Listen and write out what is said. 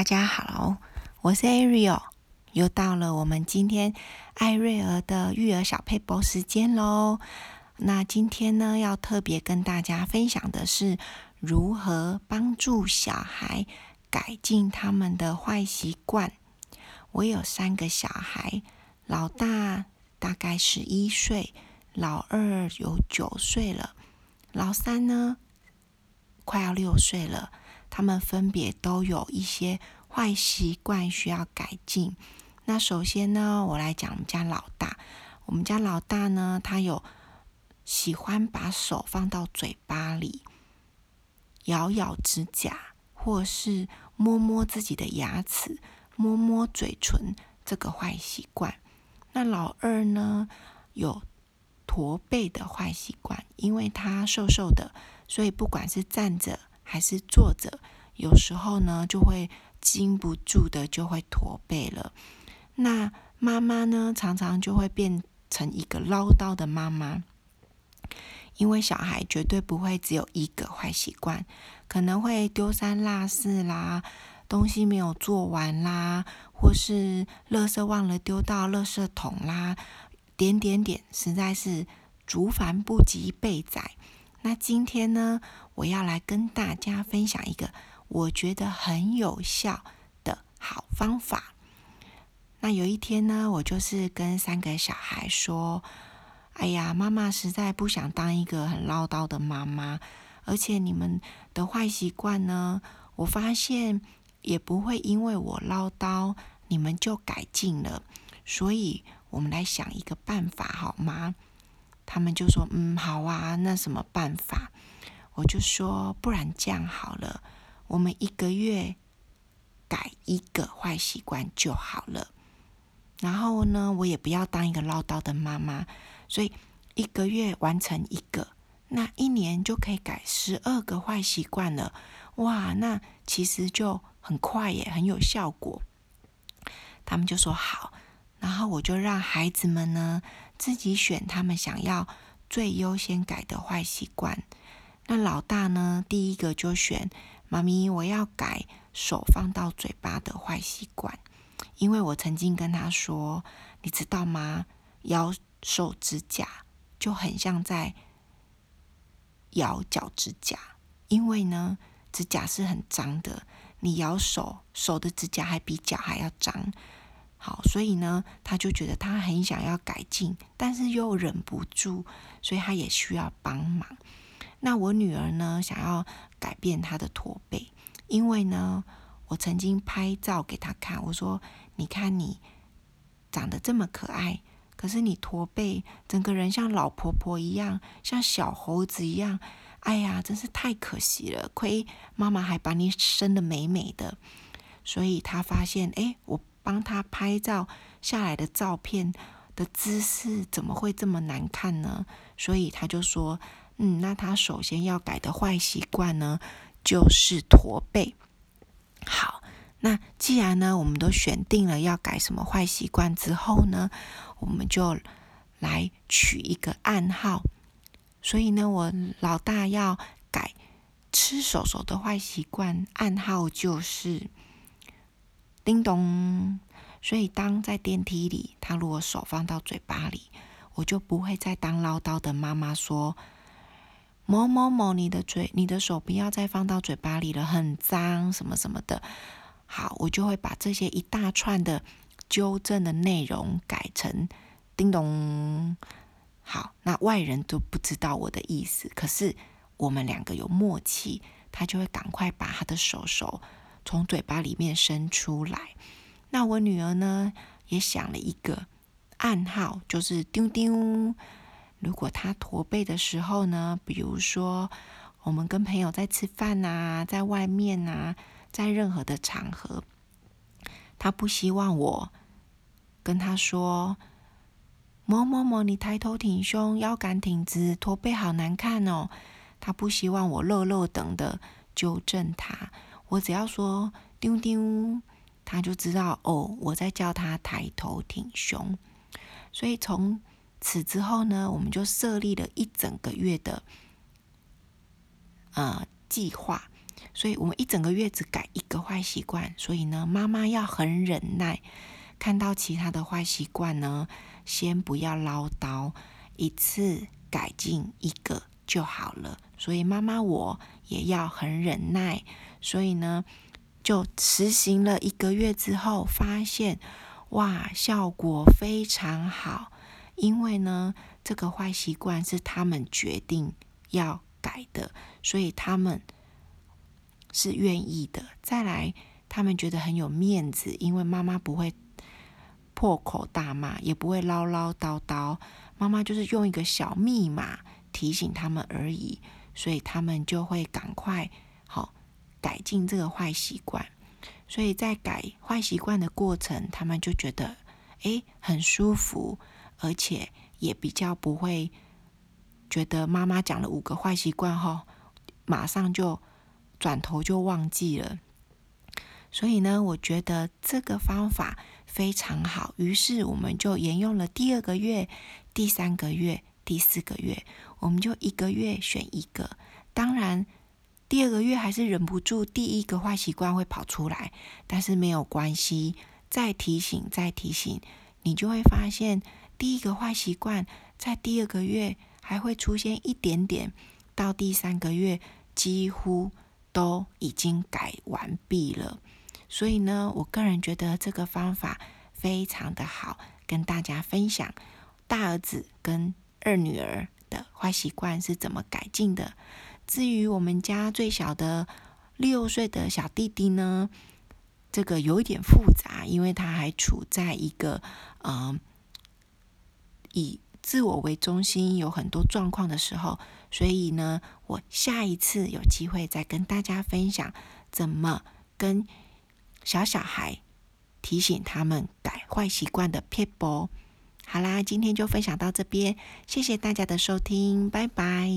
大家好，我是 Ariel，又到了我們今天艾瑞爾的育兒小配播時間嘍。那今天呢，要特別跟大家分享的是如何幫助小孩改進他們的壞習慣。我有三個小孩，老大大概十一歲，老二有九歲了，老三呢快要六歲了。他們分別都有一些壞習慣需要改進。那首先呢，我來講我們家老大。我們家老大呢，他有喜歡把手放到嘴巴裡，咬咬指甲，或是摸摸自己的牙齒、摸摸嘴唇，這個壞習慣。那老二呢，有駝背的壞習慣，因為他瘦瘦的，所以不管是站着。還是坐着，有時候呢就會禁不住的就會駝背了。那媽媽呢，常常就會變成一個嘮叨的媽媽，因為小孩絕對不會只有一個壞習慣，可能會丟三落四啦，東西沒有做完啦，或是垃圾忘了丟到垃圾桶啦，點點點，實在是族繁不及備載。那今天呢，我要來跟大家分享一個我覺得很有效的好方法。那有一天呢，我就是跟三個小孩說：“哎呀，媽媽實在不想當一個很嘮叨的媽媽，而且你們的壞習慣呢，我發現也不會因為我嘮叨你們就改進了。所以，我們來想一個辦法，好嗎？”他們就說：“嗯，好啊，那什麼辦法？”我就說，不然這樣好了，我們一個月改一個壞習慣就好了。然後呢，我也不要當一個嘮叨的媽媽，所以一個月完成一個，那一年就可以改十二個壞習慣了。哇，那其實就很快耶，很有效果。他們就說好，然後我就讓孩子們呢，自己選他們想要最優先改的壞習慣。那老大呢？第一個就選媽咪，我要改手放到嘴巴的壞習慣，因為我曾經跟他說，你知道嗎？咬手指甲就很像在咬腳指甲，因為呢，指甲是很髒的，你咬手，手的指甲還比腳還要髒。好，所以呢，他就覺得他很想要改進，但是又忍不住，所以他也需要幫忙。那我女兒呢，想要改變她的駝背，因為呢，我曾經拍照給她看，我說：“你看你長得這麼可愛，可是你駝背，整個人像老婆婆一樣，像小猴子一樣，哎呀，真是太可惜了！虧媽媽還把你生得美美的。”所以她發現，哎，我幫她拍照下來的照片，姿勢怎麼會這麼難看呢？所以他就說：“嗯，那他首先要改的壞習慣呢，就是駝背。”好，那既然呢，我們都選定了要改什麼壞習慣之後呢，我們就來取一個暗號。所以呢，我老大要改吃手手的壞習慣，暗號就是叮咚。所以，當在電梯裡，他如果手放到嘴巴裡，我就不會再當嘮叨的媽媽說：“某某某，你的嘴、你的手不要再放到嘴巴裡了，很髒什麼什麼的。”好，我就會把這些一大串的糾正的內容改成“叮咚”。好，那外人都不知道我的意思，可是我們兩個有默契，他就會趕快把他的手手從嘴巴裡面伸出來。那我女兒呢，也想了一個暗號，就是丟丟。如果她駝背的時候呢，比如說我們跟朋友在吃飯吶、啊，在外面吶、啊，在任何的場合，她不希望我跟她說，某某某，你抬頭挺胸，腰桿挺直，駝背好難看哦。她不希望我肉肉等的糾正她，我只要說丟丟。丟丟。他就知道哦，我在叫他抬頭挺胸，所以從此之後呢，我們就設立了一整個月的呃計劃，所以我們一整個月只改一個壞習慣，所以呢，媽媽要很忍耐，看到其他的壞習慣呢，先不要嘮叨，一次改進一個就好了，所以媽媽我也要很忍耐，所以呢。就實行了一個月之後，發現哇，效果非常好。因為呢，這個壞習慣是他們決定要改的，所以他們是願意的。再來，他們覺得很有面子，因為媽媽不會破口大罵，也不會嘮嘮叨叨，媽媽就是用一個小密碼提醒他們而已，所以他們就會趕快，好，改進這個壞習慣，所以在改壞習慣的過程，他們就覺得哎、欸、很舒服，而且也比較不會覺得媽媽講了五個壞習慣後，馬上就轉頭就忘記了。所以呢，我覺得這個方法非常好，於是我們就沿用了第二個月、第三個月、第四個月，我們就一個月選一個，當然。第二個月還是忍不住，第一個壞習慣會跑出來，但是沒有關係，再提醒，再提醒，你就會發現第一個壞習慣在第二個月還會出現一點點，到第三個月幾乎都已經改完畢了。所以呢，我個人覺得這個方法非常的好，跟大家分享大兒子跟二女兒的壞習慣是怎麼改進的。至於我們家最小的六歲的小弟弟呢，這個有一點複雜，因為他還處在一個嗯、呃、以自我為中心、有很多狀況的時候，所以呢，我下一次有機會再跟大家分享怎麼跟小小孩提醒他們改壞習慣的撇步。好啦，今天就分享到這邊，謝謝大家的收聽，拜拜。